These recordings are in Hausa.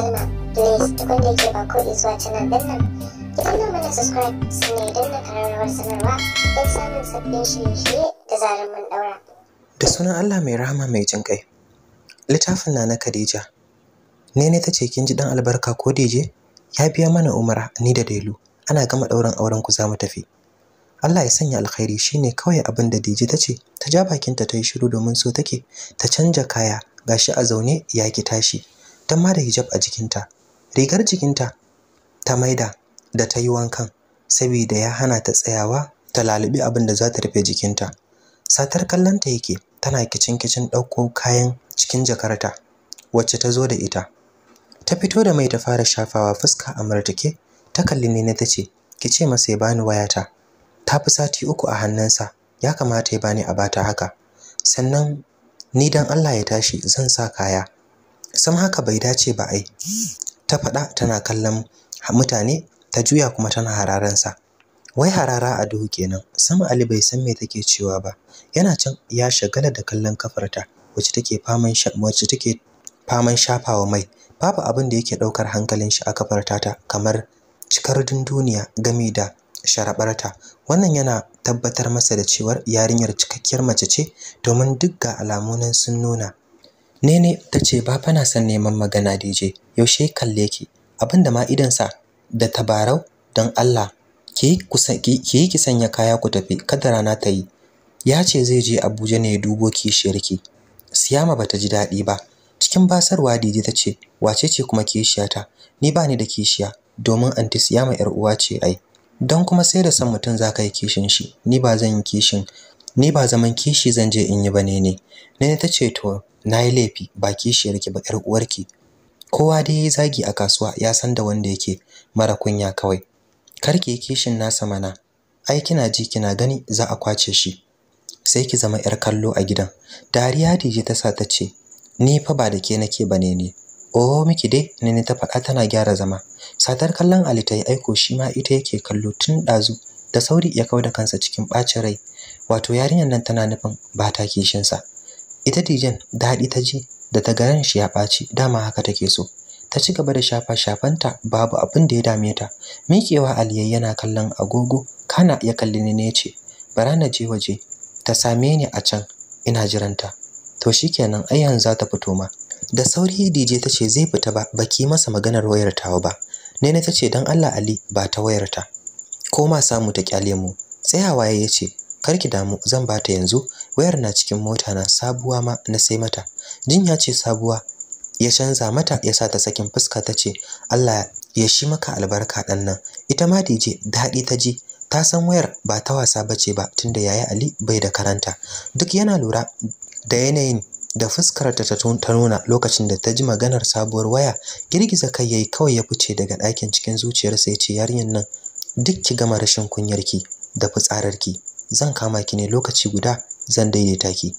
salma please duk wanda yake ba ko zuwa canal din nan ki danna mana subscribe sannan ya danna kararrawar sanarwa don samun sabbin shirye-shirye da zarar mun daura da sunan allah mai rahama mai jin kai littafin na na khadija ne ne ta ce kin ji dan albarka ko deje ya biya mana umara ni da delu ana gama ɗaurin auren ku za mu tafi Allah ya sanya alkhairi shine kawai abin da Dije ta ce ta ja bakinta ta yi shiru domin so take ta canja kaya gashi a zaune ya ki tashi ta ma hijab a jikinta rigar jikinta ta maida da ta yi wankan saboda ya hana ta tsayawa ta lalubi abin da za ta rufe jikinta satar kallonta yake tana kicin kicin ɗauko kayan cikin jakarta wacce ta zo da ita ta fito da mai ta fara shafawa fuska a martake ta kalli ne ta ce ki ce masa ya bani wayata ta fi sati uku a hannunsa ya kamata ya bani a bata haka sannan ni dan Allah ya tashi zan sa kaya sam haka bai dace ba ai ta faɗa tana kallon mutane ta juya kuma tana hararansa wai harara a duhu kenan sama ali bai san me take cewa ba yana can ya shagala da kallon kafarta wacce take faman wacce take faman shafawa mai babu abin da yake ɗaukar hankalin shi a kafarta ta kamar cikar dunduniya game da sharabarta wannan yana tabbatar masa da cewar yarinyar cikakkiyar mace ce domin duk ga alamunan sun nuna Nene ta ce ba fana son neman magana DJ yaushe kalle ki da ma sa, da tabarau don Allah ki yi ki sanya kaya ku tafi kada rana ta yi ya ce zai je Abuja ne ya dubo kishiyarki Siyama bata ji daɗi ba cikin basarwa DJ ta ce wace ce kuma kishiyata ni ba ni da kishiya domin anti Siyama yar uwa ce ai don kuma sai da san mutum za ka yi kishin shi ni ba zan yi kishin ni ba zaman kishi zan je in yi ba ne ne ne ta ce to na yi laifi ba kishiyarki ba 'yar uwarki kowa dai ya zagi a kasuwa ya san da wanda yake mara kunya kawai Kar ki yi kishin nasa mana ai kina ji kina gani za a kwace shi sai ki zama 'yar kallo a gidan dariya dije ta sa ta ce ni fa ba da ke nake bane ne oh miki dai ne ta faɗa tana gyara zama satar kallon ali ta yi aiko shi ma ita yake kallo tun ɗazu da sauri ya kau da kansa cikin ɓacin rai wato yarinyar nan tana nufin ba ta kishinsa ita dijen daɗi ta ji da ta garin shi ya ɓaci dama haka take so ta ci gaba da shafa shafanta babu abin da ya dame ta miƙewa aliyai yana kallon agogo kana ya kalli ni ne ce bara na je waje ta same ni a can ina jiranta to shikenan ai yanzu za ta fito ma da sauri dije ta ce zai fita ba baki masa maganar wayar tawa ba Nene ta ce dan Allah Ali ba ta wayarta. ta ko ma samu ta kyale mu tsayawa ya ce Kar ki damu zan bata yanzu wayar na cikin mota na sabuwa ma na sai mata jinya ce sabuwa ya canza mata ya sa ta sakin fuska ta ce Allah ya shi maka albarka dan nan ita ma dije daɗi ta ji ta san wayar ba ta wasa ba ce ba tunda yayi Ali bai da karanta duk yana lura da yanayin da fuskar ta ta nuna lokacin da ta ji maganar sabuwar waya girgiza kai yayi kawai ya fice daga ɗakin cikin zuciyarsa ya ce yarinyar nan duk ki gama rashin kunyarki da fitsararki zan kama ki ne lokaci guda zan daidaita ki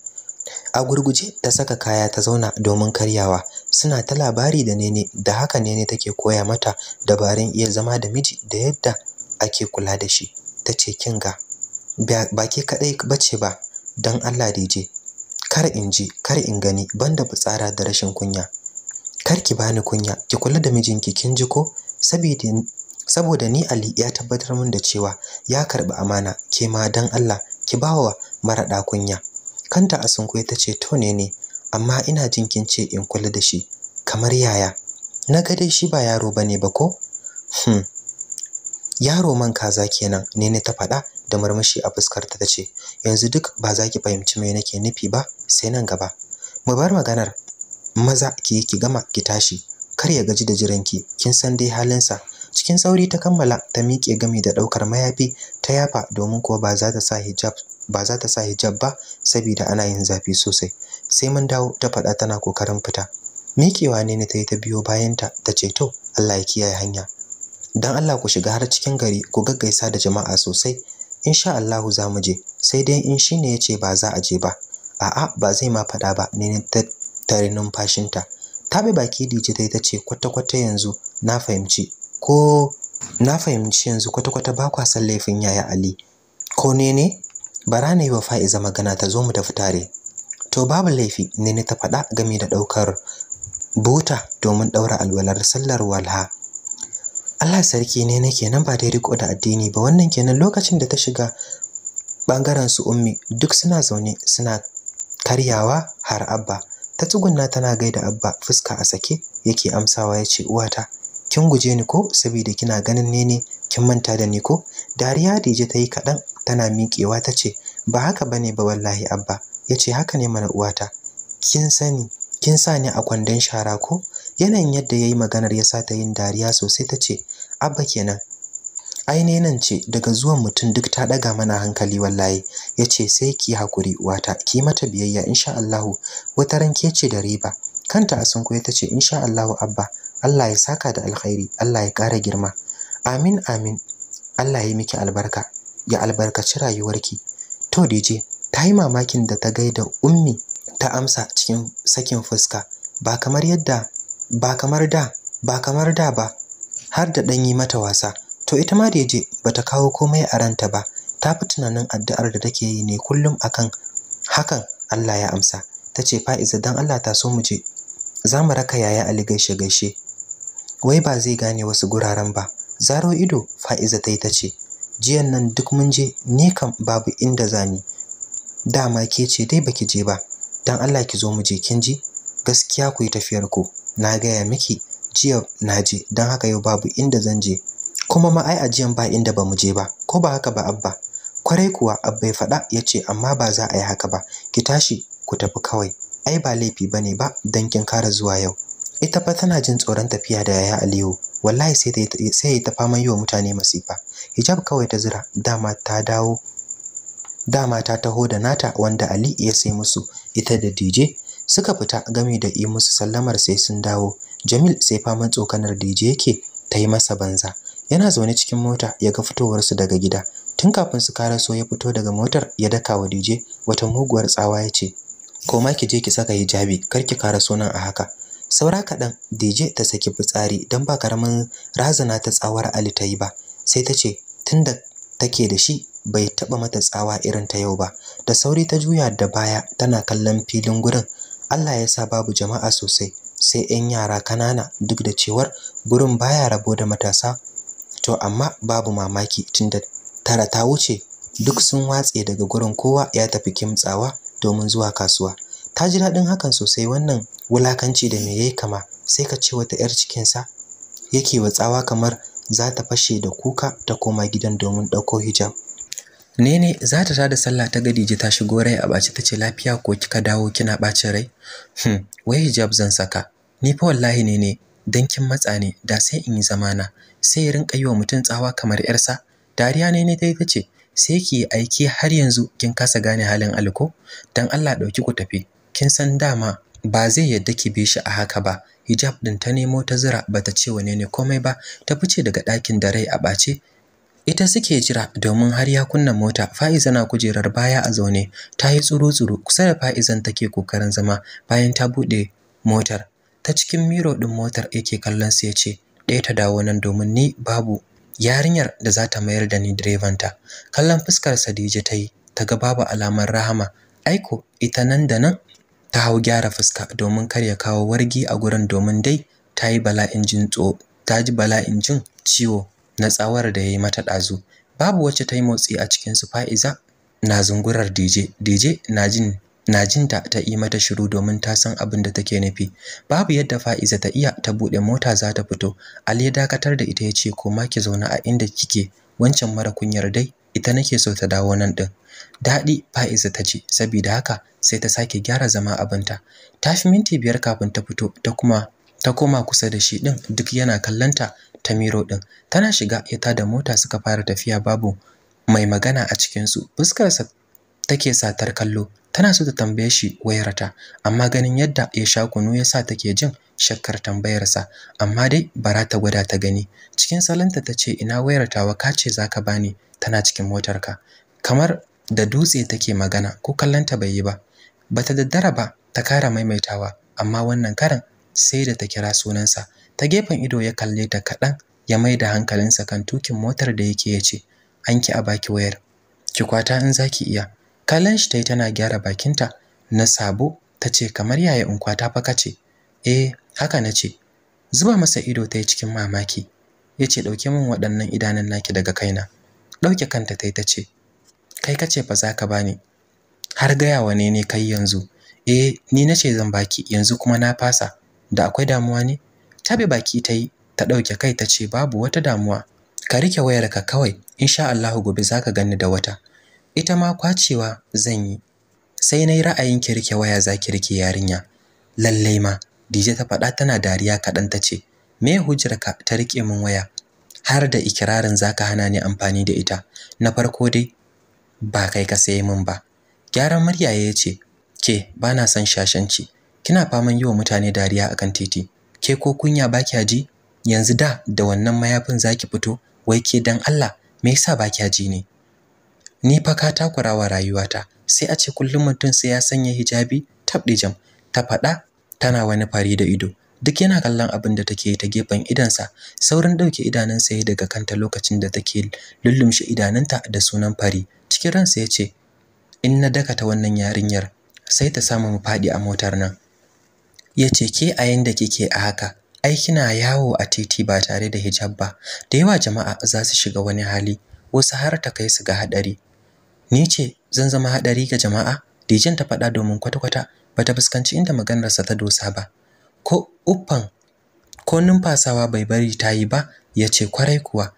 a gurguje ta saka kaya ta zauna domin karyawa suna ta labari da nene da haka nene take koya mata dabarun iya zama da miji da yadda ake kula da shi ta ce kin ga ba ke kadai bace ba dan Allah je. kar in ji kar in gani banda fitsara da rashin kunya kar ki bani kunya ki kula da mijinki kin ji ko saboda saboda ni Ali ya tabbatar min da cewa ya karbi amana ke ma dan Allah ki bawa marada kunya kanta a sunkuye tace ce to ne ne amma ina jin kin ce in kula da shi kamar yaya na ga dai shi ba yaro bane ba ko hmm yaro man kaza kenan ne ne ta faɗa da murmushi a fuskar ta ce yanzu duk ba za ki fahimci me nake nufi ba sai nan gaba mu bar maganar maza ki ki gama ki tashi kar ya gaji da jiranki kin san dai halinsa cikin sauri ta kammala ta miƙe gami da ɗaukar mayafi ta yafa domin kuwa ba za ta sa hijab ba za saboda ana yin zafi sosai sai mun dawo ta faɗa tana kokarin fita miƙewa ne na ta yi ta biyo bayanta ta ce to Allah ya kiyaye hanya dan Allah ku shiga har cikin gari ku gaggaisa da jama'a sosai insha Allahu za mu je sai dai in shine ya ce ba za a je ba a'a ba zai ma faɗa ba ne ta tare numfashinta ta bi baki dije ta ce kwata-kwata yanzu na fahimci ko na fahimci yanzu kwata-kwata ba kwa san laifin yaya Ali ko ne ne bara na yi wa Fa'iza magana ta zo mu tafi tare to babu laifi ne ne ta faɗa game da ɗaukar buta domin ɗaura alwalar sallar walha Allah sarki ne ne kenan ba dai riko da addini ba wannan kenan lokacin da ta shiga bangaren su ummi duk suna zaune suna karyawa har abba ta tsugunna tana gaida abba fuska a sake yake amsawa ya ce uwata kin guje ni ko saboda kina ganin ne ne kin manta da ni ko dariya dije ta yi kaɗan tana miƙewa ta ce ba haka bane ba wallahi abba ya ce haka ne mana uwata kin sani kin sa ni a kwandon shara ko yanayin yadda ya yi maganar ya sa ta yin dariya sosai ta ce abba kenan nan ce daga zuwan mutum duk ta ɗaga mana hankali wallahi ya ce sai ki hakuri uwata ki mata biyayya insha Allahu wata ranke ce da riba kanta a sunkuye ta ce insha Allahu abba Allah ya saka da alkhairi Allah ya ƙara girma amin amin Allah ya miki albarka ya albarkaci rayuwarki to je ta yi mamakin da ta gaida ummi ta amsa cikin sakin fuska ba kamar yadda ba kamar da ba kamar da ba har da ɗan yi mata wasa to ita ma da je ba ta kawo komai a ranta ba ta fi tunanin addu'ar da take yi ne kullum akan hakan Allah ya amsa ta ce fa'iza dan Allah ta so mu je za mu raka yaya Ali gaishe gaishe wai ba zai gane wasu guraren ba zaro ido fa'iza ta yi ta ce jiyan nan duk mun je ni kam babu inda zani dama ke ce dai baki je ba dan Allah ki zo mu je kin ji gaskiya ku yi tafiyar ku na gaya miki jiya na je dan haka yau babu inda zan je kuma ma ai ajiyan ba inda ba mu je ba ko ba haka ba abba kwarai kuwa abba ya faɗa ya ce amma ba za a yi haka ba ki tashi ku tafi kawai ai ba laifi ba ne ba don kin kara zuwa yau ita fa tana jin tsoron tafiya da yaya Aliyu wallahi sai ta sai ta fama yiwa mutane masifa hijab kawai ta zira dama ta dawo dama ta taho da nata wanda Ali ya sai musu ita da DJ suka fita game da yi musu sallamar sai sun dawo Jamil sai faman tsokanar DJ yake ta yi masa banza yana zaune cikin mota ya ga fitowarsu daga gida tun kafin su so ya fito daga motar ya daka wa DJ wata muguwar tsawa ya ce koma ki je ki saka hijabi kar ki karaso nan a haka saura kaɗan dj ta saki fitsari don ba karamin razana ta tsawar ali ta yi ba sai ta ce tunda take da shi bai taɓa mata tsawa irin ta yau ba da sauri ta juya da baya tana kallon filin gurin allah ya sa babu jama'a sosai sai 'yan yara kanana duk da cewar gurin baya rabo da matasa to amma babu mamaki tunda tara ta wuce duk sun watse daga gurin kowa ya tafi kimtsawa domin zuwa kasuwa Ka ji daɗin hakan sosai wannan wulakanci da me yayi kama sai ka ce wata 'yar cikinsa yake wa tsawa kamar za ta fashe da kuka ta koma gidan domin ɗauko hijab Nene za ta tada sallah ta Gadije ta shigo rai a ta ce lafiya ko kika dawo kina ɓacin rai? Hmm, wai hijab zan saka. Ni fa wallahi Nene, dan kin matsa ne, da sai in yi zamana. Sai ya rinka yi wa mutum tsawa kamar yarsa. Dariya Nene ta yi ce, sai ki yi aiki har yanzu kin kasa gane halin Aliko? Dan Allah ɗauki ku tafi. kin san dama ba zai yadda ki bi shi a haka ba hijab din ta nemo ta zira bata ce wane ne komai ba ta fice daga ɗakin da rai a ɓace ita suke jira domin har ya kunna mota fa'iza na kujerar baya a zaune ta yi tsuru-tsuru kusa da fa'izan take kokarin zama bayan ta buɗe motar ta cikin miro ɗin motar yake kallon su ya ce ɗaya ta dawo nan domin ni babu yarinyar da za ta mayar da ni direbanta kallon fuskar sadije ta yi ta ga babu alamar rahama aiko ita nan da nan ta hau gyara fuska domin kar ya kawo wargi a gurin domin dai ta yi bala'in jin tso ta ji bala'in jin ciwo na tsawar da ya yi mata ɗazu babu wacce ta yi motsi a cikin su fa'iza na zungurar DJ DJ na jin na jin ta ta yi mata shiru domin ta san abin da take nufi babu yadda fa'iza ta iya ta buɗe mota za ta fito ali ya dakatar da ita ya ce koma ki zauna a inda kike wancan mara kunyar dai ita nake so ta dawo nan din daɗi fa'iza ta ce saboda haka sai ta sake gyara zama abinta ta fi minti biyar kafin ta fito ta kuma ta koma kusa da shi ɗin duk yana kallonta ta miro ɗin tana shiga ya da mota suka fara tafiya babu mai magana a cikinsu fuskarsa take satar kallo tana so ta tambaye shi wayarta amma ganin yadda ya sha kunu yasa take jin shakkar tambayarsa amma dai bara ta gwada ta gani cikin salonta ta ce ina wayarta wa ka ce zaka bani tana cikin motarka kamar da dutse take magana ko kallanta bai yi ba bata daddara ba ta kara maimaitawa amma wannan karan sai da ta kira sunansa ta gefen ido ya kalle ta kaɗan ya mai da hankalinsa kan tukin motar da yake ya ce an ki a baki wayar ki kwata in za ki iya kallon shi ta yi tana gyara bakinta na sabo ta ce kamar yaya in kwata fa kace eh haka na ce zuba masa ido ta yi cikin mamaki ya ce ɗauke min waɗannan idanun naki daga kaina ɗauke kanta ta yi ta ce kai kace fa za ka bani har gaya wane ne kai yanzu eh ni nace zan baki yanzu kuma na fasa da akwai damuwa ne tabe baki ta yi ta ɗauke kai ta ce babu wata damuwa ka rike wayarka kawai insha Allahu gobe zaka gani da wata ita ma kwacewa zan yi sai nayi ra'ayin ki rike waya za ki rike yarinya lallai ma DJ ta faɗa tana dariya kaɗan ta ce me hujjarka ta rike min waya har da ikirarin zaka hana ni amfani da ita na farko dai ba kai ka sai min ba gyaran murya ya ce ke ba na son shashanci kina faman yi wa mutane dariya akan titi ke ko kunya ba kya ji yanzu da da wannan mayafin zaki fito wai ke dan Allah me yasa ba kya ji ne ni fa ka takurawa rayuwata sai a ce kullum mutum sai ya sanya hijabi jam. ta faɗa tana wani fari da ido duk yana kallon abin da take ta gefen idansa saurin ɗauke idanunsa ya daga kanta lokacin da take lullumshe idanunta da sunan fari cikin ransa ya ce in na daka ta wannan yarinyar sai ta samu mu faɗi a motar nan ya ce ke a yanda kike a haka ai kina yawo a titi ba tare da hijab ba da yawa jama'a za su shiga wani hali wasu har ta kai su ga haɗari ni ce zan zama haɗari ga jama'a dijin ta faɗa domin kwata-kwata bata fuskanci inda maganarsa ta dosa ba ko uffan ko numfasawa bai bari ta yi ba ya ce kwarai kuwa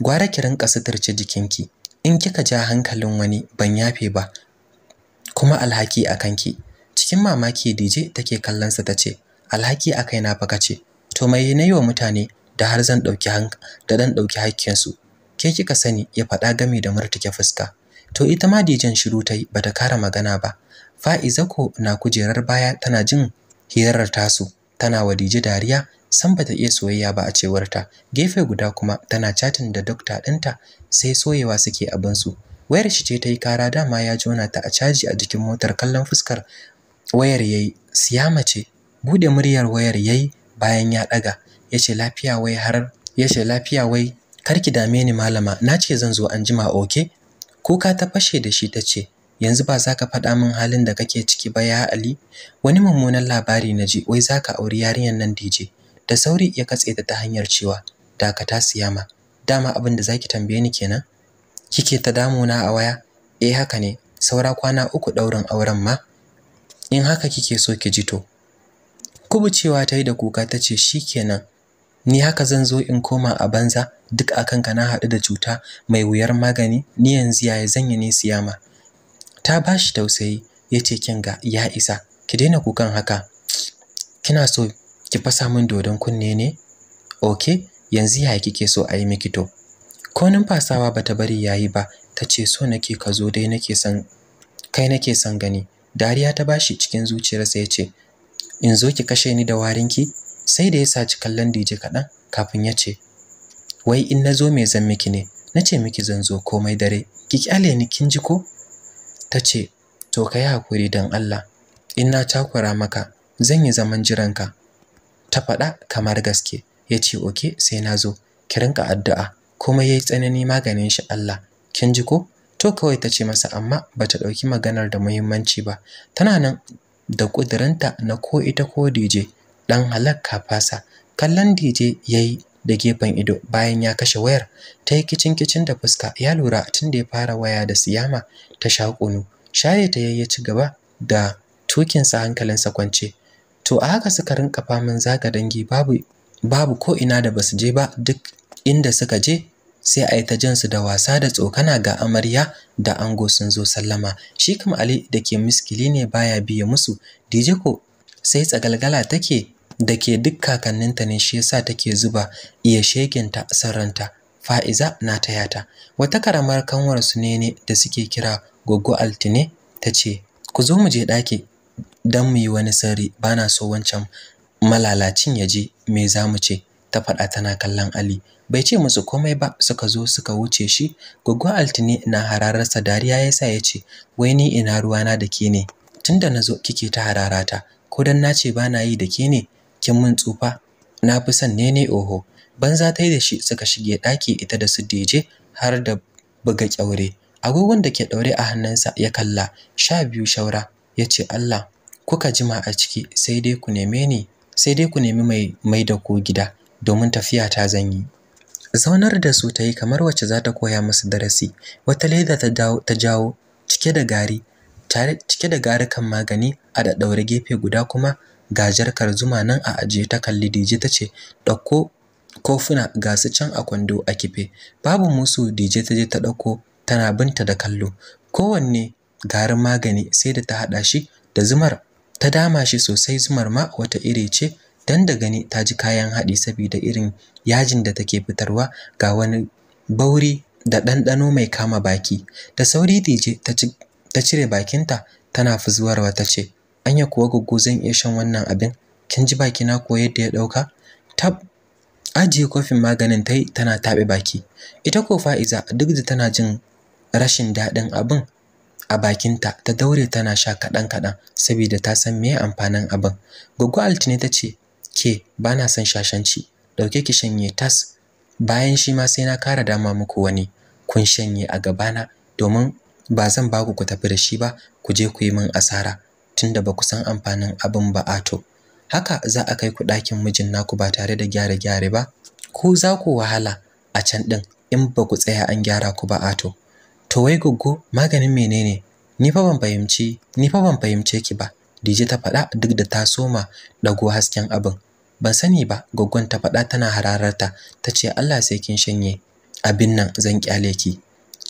gwara ki rinƙa suturce jikinki in kika ja hankalin wani ban yafe ba kuma alhaki a kanki cikin mamaki dije take kallonsa ta ce alhaki a kaina fa kace to mai na yi wa mutane da har zan ɗauki da dan ɗauki hakkinsu ke kika sani ya faɗa gami da murtuke fuska to ita ma dijen shiru ta yi bata kara magana ba fa'iza ko na kujerar baya tana jin hirar tasu tana wadije dariya san bata iya soyayya ba a cewarta gefe guda kuma tana chatting da dokta ɗinta sai soyewa suke abin su wayar shi ce ta yi kara dama ya jona ta a caji a jikin motar kallon fuskar wayar yayi siyama mace, bude muryar wayar yayi bayan ya daga yace lafiya wai har yace lafiya wai karki dame ni malama nace zan zo anjima oke kuka ta fashe da shi tace yanzu ba za ka faɗa min halin da kake ciki ba ya Ali wani mummunan labari na ji wai za ka auri yarinyar nan DJ da sauri ya katse ta ta hanyar cewa dakata siyama dama abin da zaki tambaye ni kenan kike ta damuna a waya eh haka ne saura kwana uku ɗaurin auren ma in haka kike so ki ji to kubucewa ta yi da kuka ta ce shikenan ni haka zan zo in koma a banza duk akan kana na haɗu da cuta mai wuyar magani ni yanzu yaya zan yi ne siyama ta ba shi tausayi ya ce kin ga ya isa ki daina kukan haka kina so ki fasa min dodon kunne ne okay yanzu ya kike so a yi miki to ko numfasawa bata bari yayi ba ta ce so nake ka zo dai nake san kai nake san gani dariya ta bashi cikin zuciyarsa ce. in zo ki kashe ni da warinki sai da ya saci kallon DJ kaɗan kafin ya ce wai in na zo me zan miki ne na ce miki zan zo komai dare ki kyale ni kin ji ko ta ce to ka yi haƙuri don Allah in na takura maka zan yi zaman jiranka ta faɗa kamar gaske ya ce oke sai na zo ki rinka addu'a kuma ya yi tsanani maganin shi Allah kin ji ko to kawai ta ce masa amma ba ta ɗauki maganar da muhimmanci ba tana nan da ƙudurinta na ko ita ko DJ ɗan halakka fasa kallon DJ ya yi da gefen ido bayan ya kashe wayar ta yi kicin kicin da fuska ya lura tun da ya fara waya da siyama ta sha kunu shaye ta yayye ci gaba da tukinsa hankalinsa kwance to a haka suka rinka za zaga dangi babu babu ko ina da basu je ba duk inda suka je sai a yi ta jin su da wasa da tsokana ga amarya da ango sun zo sallama shi kam ali da ke miskili ne baya biye musu dije ko sai tsagalgala take da ke duk kakanninta ne shi yasa take zuba iya shekinta sarranta fa'iza na tayata wata karamar kanwar su ne ne da suke kira goggo altine ta ce ku zo mu je ɗaki don mu yi wani sirri bana so wancan malalacin ya je me za mu ce ta faɗa tana kallon ali bai ce musu komai ba suka zo suka wuce shi goggo altine na harararsa, dariya yasa ya ce wai ni ina ruwana da ke ne tunda na zo kike ta hararata ko dan na ce bana yi da ke ne kin mun tsufa na fi son nene oho banza tai da shi suka shige ɗaki ita da su deje har da buga kyaure agogon da ke ɗaure a hannunsa ya kalla sha biyu shaura ya ce Allah kuka jima a ciki sai dai ku neme ni sai dai ku nemi mai mai da ku gida domin tafiya ta zan zaunar da su ta yi kamar wacce za ta koya musu darasi wata leda ta jawo cike da gari tare cike da garukan magani a da ɗaure gefe guda kuma ga jarkar zuma nan a ajiye ta kalli dije ta ce ɗauko kofuna ga su can a kwando a kife babu musu dije ta je ta ɗauko tana binta da kallo kowanne garin magani sai da ta haɗa shi da zumar ta dama shi sosai zumar ma wata iri ce dan da gani ta ji kayan haɗi saboda irin yajin da take fitarwa ga wani bauri da ɗanɗano mai kama baki da sauri dije ta cire bakinta tana fuzuwarwa ta ce anya kuwa gugu zan iya shan wannan abin kin ji baki na ko yadda ya dauka tab ajiye kofin maganin tai tana tabe baki ita ko fa'iza duk da tana jin rashin dadin abin a bakinta ta daure tana sha kaɗan kaɗan saboda ta san me amfanin abin Goggo altine ta ce ke na san shashanci dauke ki shanye tas bayan shi ma sai na kara dama muku wani kun shanye a gabana domin ba zan ba ku ku tafi da shi ba ku je ku yi min asara tunda ba ku san amfanin abin ba ato haka za a kai ku ɗakin mijin naku ba tare da gyare-gyare ba ku za ku wahala a can ɗin in ba ku tsaya an gyara ku ba ato to wai goggo maganin menene ni fa ban fahimci ni fa ban fahimce ki ba dije ta faɗa duk da ta soma ɗago hasken abin ban sani ba goggon ta faɗa tana hararta ta ce Allah sai kin shanye abin nan zan kyale ki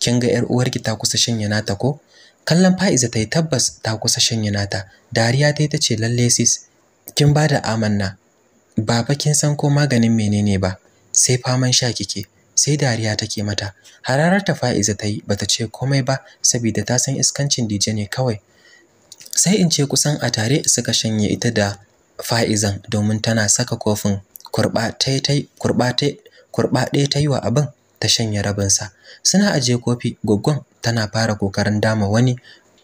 kin ga 'yar uwarki ta kusa shanye nata ko kallon fa'iza ta yi tabbas ta kusa shanye nata dariya ta yi ta ce lalle sis kin ba da amanna ba kin san ko maganin menene ba sai faman sha kike sai dariya take mata hararar ta fa'iza ta yi bata ce komai ba saboda ta san iskancin dije ne kawai sai in ce kusan a tare suka shanye ita da fa'izan domin tana saka kofin kurɓa ɗaya ta yi wa abin ta shanye rabinsa suna ajiye kofi goggon. tana fara kokarin dama wani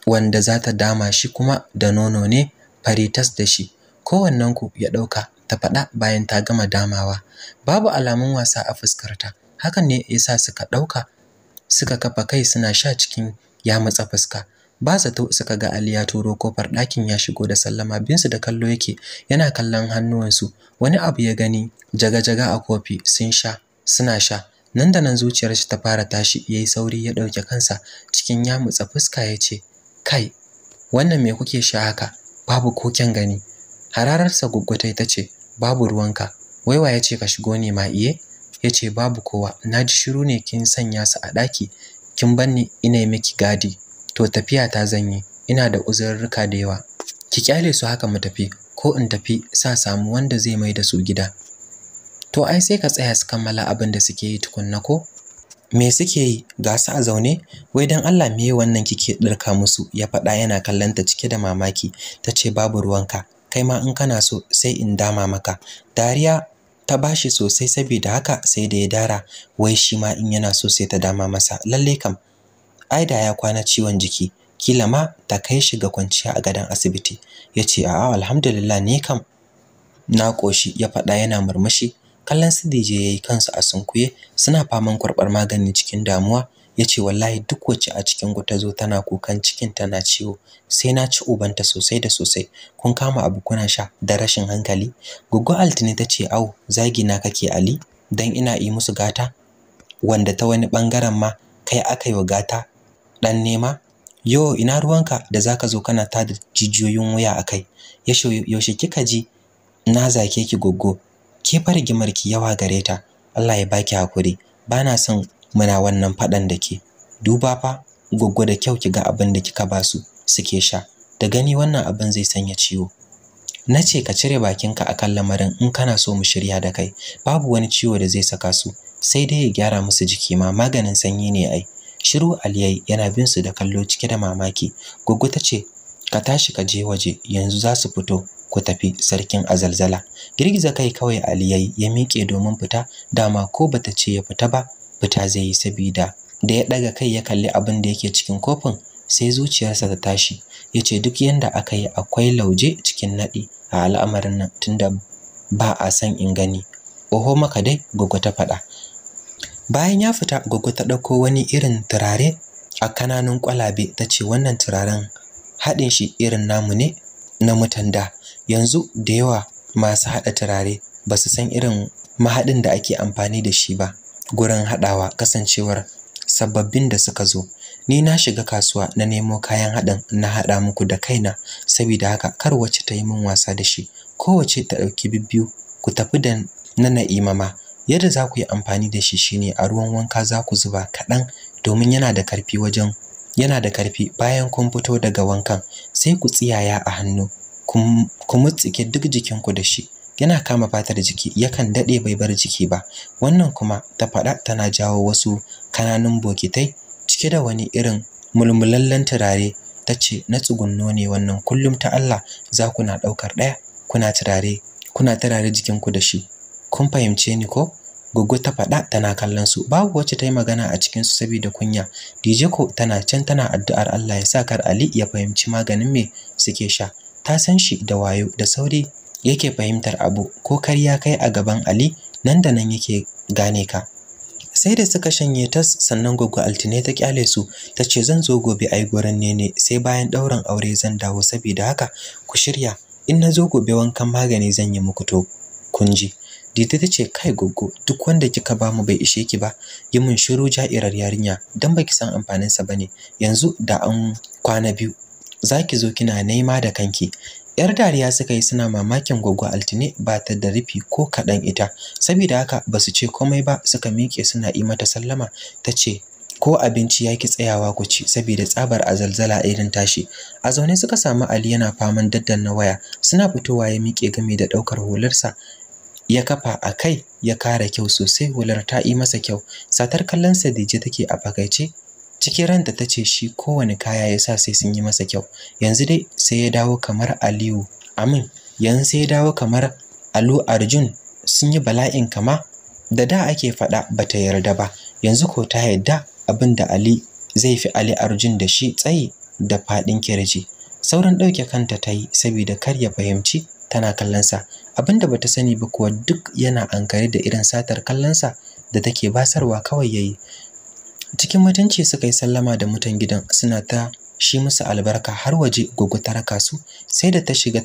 wanda za ta dama shi kuma da nono ne fari da shi kowannen ku ya ɗauka ta faɗa bayan ta gama damawa babu alamun wasa a fuskarta hakan ne yasa suka ɗauka suka kafa kai suna sha cikin ya matsa fuska ba zato suka ga aliya turo kofar ɗakin ya shigo da sallama binsu da kallo yake yana kallon hannuwansu wani abu ya gani jaga-jaga a kofi sun sha suna sha nan da nan zuciyar shi ta fara tashi yayi sauri ya dauke kansa cikin yamutsa fuska ya ce kai wannan me kuke sha haka babu koken gani hararsa guggutai ta ce babu ruwanka waiwa ya ce ka shigo ne ma iye ya ce babu kowa na ji shiru ne kin sanya su a daki, kin banni ina yi miki gadi to tafiya ta zanyi ina da uzurruka da yawa ki kyale su haka mu tafi ko in tafi sa samu wanda zai mai da su gida to ai sai ka tsaya su kammala abin da suke yi tukunna ko me suke yi ga su a zaune wai dan Allah me wannan kike dirka musu ya faɗa yana kallanta cike da mamaki tace babu ruwanka kai ma in kana so sai in dama maka dariya ta bashi sosai saboda haka sai da ya dara wai shi ma in yana so sai ta dama masa lalle kam ai da ya kwana ciwon jiki kila ma ta kai shi ga kwanciya a gadon asibiti yace a'a alhamdulillah ne kam na koshi ya faɗa yana murmushi kallon su DJ yayi kansu a sunkuye suna faman kurɓar magani cikin damuwa yace wallahi duk wacce a cikin ku zo tana kukan cikin tana ciwo sai na ci ubanta sosai da sosai kun kama abu kuna sha da rashin hankali gugu altine tace au zagi na kake ali dan ina yi musu gata wanda ta wani bangaren ma kai aka yi wa gata dan nema yo ina ruwanka da zaka zo kana tada jijiyoyin wuya akai yaushe kika ji na zake ki goggo ke fa rigimar ki yawa gare ta Allah ya baki hakuri bana son muna wannan fadan da ke duba fa gwaggwa da kyau kiga abin da kika ba su suke sha da gani wannan abin zai sanya ciwo na ce ka cire bakinka akan lamarin in kana so mu shirya da kai babu wani ciwo da zai saka su sai dai ya gyara musu jiki ma maganin sanyi ne ai shiru aliyai yana bin su da kallo cike da mamaki goggo ta ce ka tashi ka je waje yanzu za su fito ku tafi sarkin azalzala girgiza kai kawai Ali yayi ya miƙe domin fita dama ko bata ce ya fita ba fita zai yi sabida da ya daga kai ya kalli abin da yake cikin kofin sai zuciyarsa ta tashi Ya ce duk yanda aka yi akwai lauje cikin naɗi a al'amarin nan tunda ba a san in gani oho maka dai gogo ta faɗa bayan ya fita gogo ta ɗauko wani irin turare a kananan kwalabe ta ce wannan turaren haɗin shi irin namu ne na mutanda yanzu da yawa masu haɗa turare ba su san irin mahaɗin da ake amfani da shi ba gurin haɗawa kasancewar sababbin da suka zo ni na shiga kasuwa na nemo kayan haɗin na haɗa muku da kaina saboda haka kar wace ta yi min wasa da shi kowace ta ɗauki bibbiyu ku tafi da na na'ima ma yadda za ku yi amfani da shi shine a ruwan wanka za ku zuba kaɗan domin yana da karfi wajen yana da karfi bayan kun fito daga wankan sai ku tsiyaya a hannu ku mutsike duk jikinku da shi yana kama fatar jiki yakan dade bai bar jiki ba wannan kuma ta faɗa tana jawo wasu kananun bokitai cike da wani irin mulmulallen turare ta ce na tsugunno ne wannan kullum ta Allah za ku na daukar daya kuna turare kuna turare jikinku da shi kun fahimce ni ko Goggo ta faɗa tana kallon su. Babu wacce ta yi magana a cikin su saboda kunya. DJ ko tana can tana addu'ar Allah ya sa kar Ali ya fahimci maganin me suke sha. Ta san shi da wayo da sauri yake fahimtar abu ko kar ya kai a gaban Ali nan da nan yake gane ka. Sai da suka shanye tas sannan goggo Altine ta kyale su ta ce zan zo gobe ai gurin ne ne sai bayan ɗaurin aure zan dawo saboda haka ku shirya in na zo gobe wankan magani zan yi muku to kun ji. Didi ta ce kai goggo duk wanda kika ba mu bai ishe ki ba yi mun shiru ja'irar yarinya dan baki san amfanin sa bane yanzu da an kwana biyu zaki zo kina nema da kanki yar dariya suka yi suna mamakin goggo altine ba ta da rufi ko kaɗan ita saboda haka basu ce komai ba suka miƙe suna yi mata sallama tace ko abinci ya ki tsayawa ku ci saboda tsabar a azalzala irin tashi a zaune suka samu Ali yana faman daddan na waya suna fitowa ya miƙe game da ɗaukar hularsa ya kafa a kai ya kara kyau sosai hular ta yi masa kyau satar kallon sa Sadije take a fakaice cikin ranta ta ce shi kowane kaya ya sa sai sun yi masa kyau yanzu dai sai ya dawo kamar Aliyu amin yanzu sai ya dawo kamar Alu Arjun sun yi bala'in kama da da ake faɗa bata yarda ba yanzu ko ta yarda abinda Ali zai fi Ali Arjun da shi tsayi da faɗin kirji sauran ɗauke kanta ta yi saboda kar ya fahimci tana kallonsa abinda bata sani ba kuwa duk yana ankare da irin satar kallonsa da take basarwa kawai yayi cikin mutunci suka yi sallama da mutan gidan suna ta shi musu albarka har waje gogo ta raka su sai da ta shiga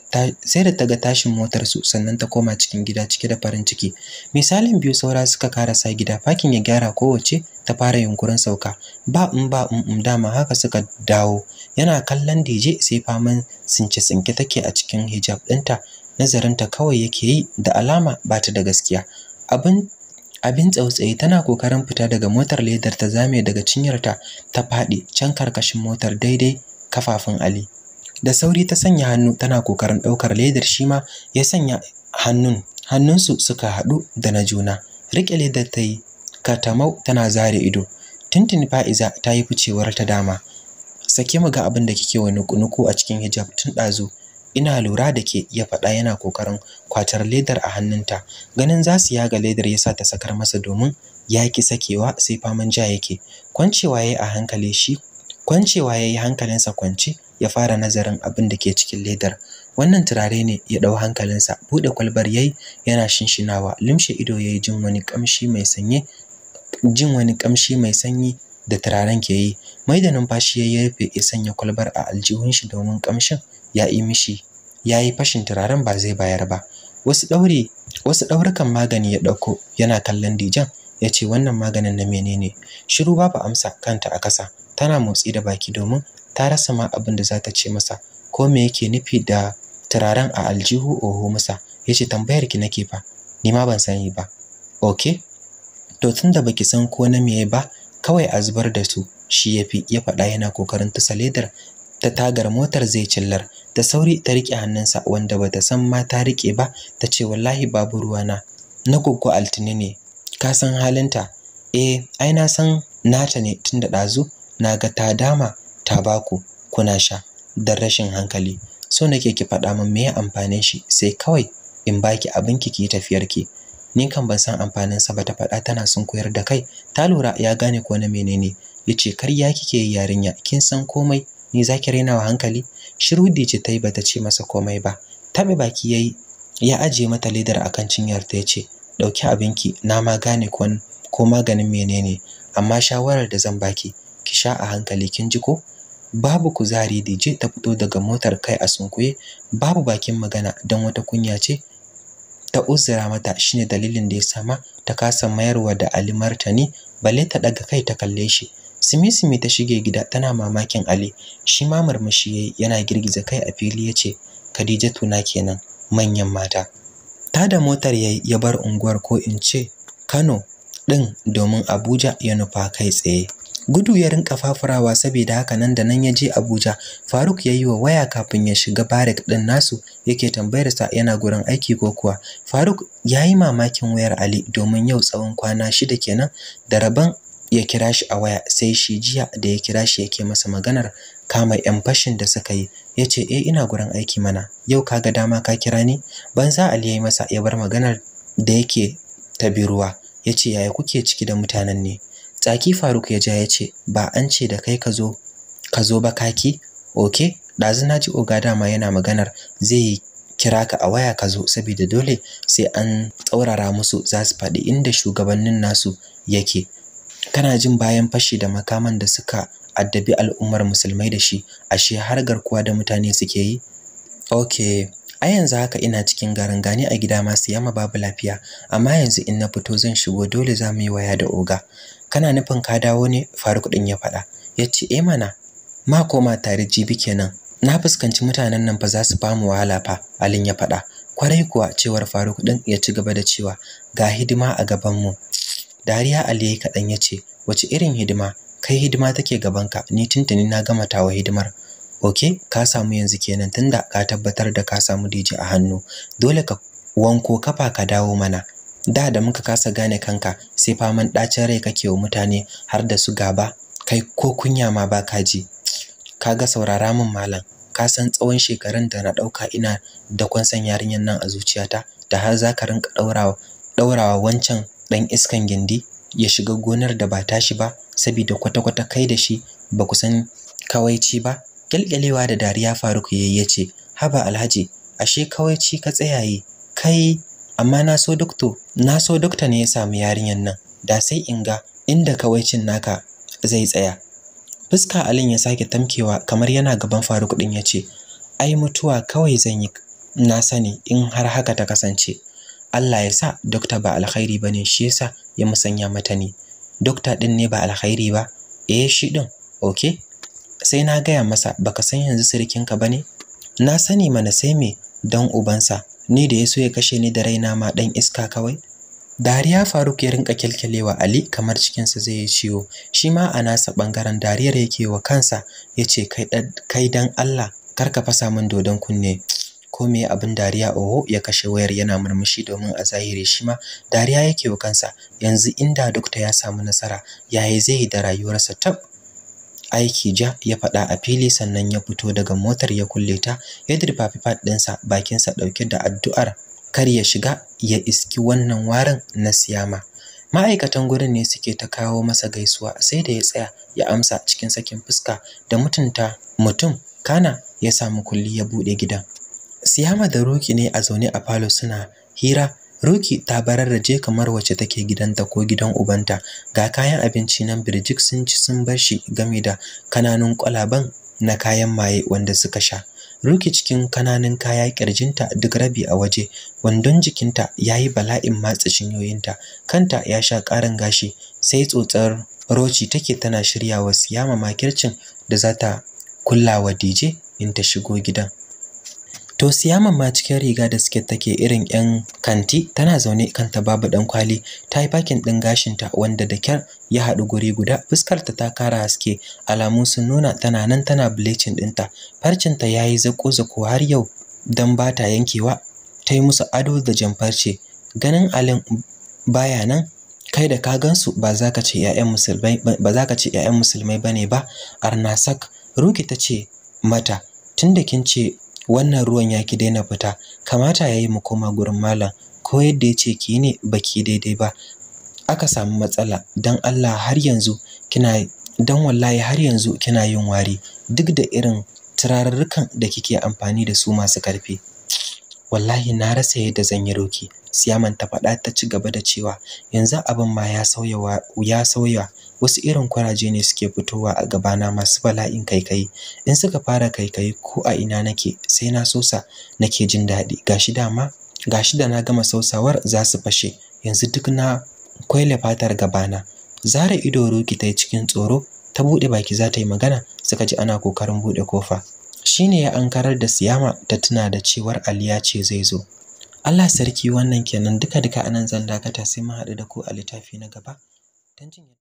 sai da ta ga tashin motar su sannan ta koma cikin gida cike da farin ciki misalin biyu saura suka karasa gida fakin ya gyara kowace ta fara yunkurin sauka ba in um, ba in um, um, dama haka suka dawo yana kallon DJ sai faman since sinke take a cikin hijab ɗinta nazarinta kawai yake yi da alama ba ta da gaskiya abin abin tsautsayi tana kokarin fita daga motar ledar ta zame daga cinyarta ta faɗi can karkashin motar daidai kafafun Ali da sauri ta sanya hannu tana kokarin ɗaukar ledar shi ma ya sanya hannun hannunsu suka haɗu da na juna Rike ledar ta yi katamau tana zare ido Tintin fa'iza ta yi ficewar ta dama sake mu ga abin da kike wani nuku a cikin hijab tun ɗazu ina lura da ke ya faɗa yana kokarin kwatar ledar a hannunta ganin za su yaga ledar yasa ta sakar masa domin ya ki sakewa sai faman ja yake kwancewa yayi a hankali shi kwancewa yayi hankalinsa kwance ya fara nazarin abin da ke cikin ledar wannan turare ne ya ɗau hankalinsa Buɗe kwalbar yayi yana shinshinawa limshe ido yayi jin wani kamshi mai sanye jin wani kamshi mai sanyi da turaren ke yi mai da numfashi ya rufe ya sanya kwalbar a aljihun shi domin kamshin ya yi mishi ya yi fashin turaren ba zai bayar ba wasu ɗaure wasu ɗaurukan magani ya ɗauko yana kallon dijan ya ce wannan maganin na menene shiru babu amsa kanta a ƙasa tana motsi da baki domin ta rasa ma abin da za ta ce masa ko me yake nufi da turaren a aljihu oho masa ya ce tambayar ki nake fa ni ma ban sani ba okay to tun da baki san ko na meye ba kawai a zubar da su shi fi ya faɗa yana kokarin tusa ledar ta tagar motar zai cillar da sauri ta riƙe hannunsa wanda bata san ma ta riƙe ba ta ce wallahi babu ruwa na na goggo altini ne ka san halinta eh ai na san nata ne tun da ɗazu na ga ta dama ta baku kuna sha dan rashin hankali so nake ki faɗa min me amfanin shi sai kawai in baki abin ki ki tafiyar ki ni kan ban san amfanin sa ba ta faɗa tana sun koyar da kai ta lura ya gane ko na menene Ya yace karya kike yi yarinya kin san komai ni zaki raina wa hankali shiru ta tai bata ce masa komai ba tabe baki yayi ya aje mata ledar akan cinyar ta ya yace dauki abinki na ma gane kon ko maganin menene amma shawarar da zan baki ki sha a hankali kin ji ko babu kuzari da dije ta fito daga motar kai a sunkuye babu bakin magana don wata kunya ce ta uzura mata shine dalilin da ya sama ta kasa mayarwa da Ali martani balle ta daga kai ta kalle shi Simisimi ta shige gida tana mamakin Ali, shi ma murmushi yayi yana girgiza kai a fili yace Khadijatu na kenan manyan mata. Ta da motar yayi ya bar unguwar ko in ce Kano din domin Abuja ya nufa kai tsaye. Gudu ya rinka fafurawa saboda haka nan da nan ya je Abuja. Faruk ya yi wa waya kafin ya shiga barak din nasu yake tambayar sa yana gurin aiki ko kuwa. Faruk ya yi mamakin wayar Ali domin yau tsawon kwana shida kenan da rabon ya kira shi a waya sai shi jiya da ya kira shi yake masa maganar kama yan fashin da suka yi yace eh ina gurin aiki mana yau kaga dama ka kira ni banza Ali yayi masa ya bar maganar da yake ta biruwa ya ce yaya kuke ciki da mutanen ne tsaki Faruk ya ja yace ba an ce da kai ka zo ka zo ba kaki oke ɗazu na ji oga dama yana maganar zai kira ka a waya ka zo saboda dole sai an tsaurara musu za su faɗi inda shugabannin nasu yake kana jin bayan fashi da makaman da suka addabi al'ummar musulmai da shi ashe har garkuwa da mutane suke yi ok a yanzu haka ina cikin garin gani a gida masu yamma babu lafiya amma yanzu in na fito zan shigo dole za mu yi waya da oga kana nufin ka dawo ne faruk din ya faɗa ya ce eh mana ma koma tare jibi kenan na fuskanci mutanen nan fa za su bamu wahala fa alin ya faɗa kwarai kuwa cewar faruk din ya ci gaba da cewa ga hidima a gabanmu Dariya Ali yayi kaɗan ya ce, wace irin hidima? Kai hidima take gabanka, ni tuntuni na gama tawa hidimar. Oke, ka samu yanzu kenan tunda ka tabbatar da ka samu DJ a hannu. Dole ka wanko kafa ka dawo mana. Da da muka kasa gane kanka, sai faman ɗacin rai kake wa mutane har da su gaba, kai ko kunya ma ba ka ji. Ka ga saurara min malam, ka san tsawon shekarun da na ɗauka ina da kwansan yarinyar nan a zuciyata, da har za ka rinka ɗaurawa wancan ɗan iskan gindi ya shiga gonar da ba tashi ba saboda kwata-kwata kai da shi ba ku san kawaici ba kyalkyalewa da dariya faruk ya ce haba alhaji ashe kawaici ka tsayaye kai amma na so dokto na so dokta ne ya samu yarinyar nan da sai in ga inda kawaicin naka zai tsaya fuska alin ya sake tamkewa kamar yana gaban faruk din ya ce ai mutuwa kawai zan yi na sani in har haka ta kasance Allah ya sa dokta ba alkhairi bane shi yasa ya musanya mata ni. dokta din ne ba alkhairi ba eh shi din okay sai na gaya masa baka san yanzu sirikinka bane na sani mana sai me dan ubansa ni da yaso ya kashe ni da raina ma dan iska kawai Dariya Faruk ya rinka kyalkyalewa Ali kamar cikinsa zai yi ciwo. Shi ma a nasa bangaren dariyar yake wa kansa yace ce kai dan Allah kar ka fasa min dodon kunne. ko me abin dariya oho ya kashe wayar yana murmushi domin a zahiri shi ma dariya yake wa kansa yanzu inda dokta ya samu nasara yaya zai yi da rayuwarsa tab aiki ja ya faɗa a fili sannan ya fito daga motar ya kulle ta ya dirfafi fat ɗinsa bakinsa ɗauke da addu'ar kar ya shiga ya iski wannan warin na siyama ma'aikatan gurin ne suke ta kawo masa gaisuwa sai da ya tsaya ya amsa cikin sakin fuska da mutunta mutum kana ya samu kulli ya buɗe gidan Siyama da Ruki ne a zaune a falo suna hira. Ruki ta barar da je kamar wacce take gidanta ko gidan ubanta. Ga kayan abinci nan birjik sun ci sun bar shi game da kananun kwalaban na kayan maye wanda suka sha. Ruki cikin kananun kaya kirjinta duk rabi a waje, wandon jikinta ya yi bala'in matsa shinyoyinta, kanta ya sha ƙarin gashi, sai tsotsar roci take tana shiryawa siyama makircin da za ta kulla wa in ta shigo gidan. to siyaman ma cikin riga da suke take irin yan kanti tana zaune kanta babu dan kwali ta yi bakin din gashinta wanda da kyar ya haɗu guri guda fuskarta ta kara haske alamu sun nuna tana nan tana bleaching ɗinta farcin ta yayi zako-zako har yau dan ba ta yankewa ta yi musu ado da jamfarce ganin alin baya nan kai da ka gansu ba za ka ce 'ya'yan musulmai ba za ka ce 'ya'yan musulmai bane ba arnasak ruki ta ce mata tunda kin ce wannan ruwan ya ki daina fita kamata ya yi mu koma gurin malam ko yadda ya ce ki ne ba ki daidai ba aka samu matsala don Allah har yanzu kina don wallahi har yanzu kina yin wari duk da irin turarurrukan da kike amfani da su masu karfi wallahi na rasa yadda zan yi roki siyaman ta faɗa ta ci gaba da cewa yanzu abin ma ya sauya ya sauya wasu irin kuraje ne suke fitowa a gabana masu bala'in kaikayi in suka fara kaikayi ko a ina nake sai na sosa nake jin daɗi gashi dama gashi da na gama sausawar za su fashe yanzu duk na kwaile fatar gabana zara ido roki ta cikin tsoro ta buɗe baki za ta yi magana suka ji ana kokarin buɗe kofa shine ya ankarar da siyama ta tuna da cewar aliya ce zai zo Allah sarki wannan kenan duka duka anan zan dakata sai mun haɗu da ku a littafi na gaba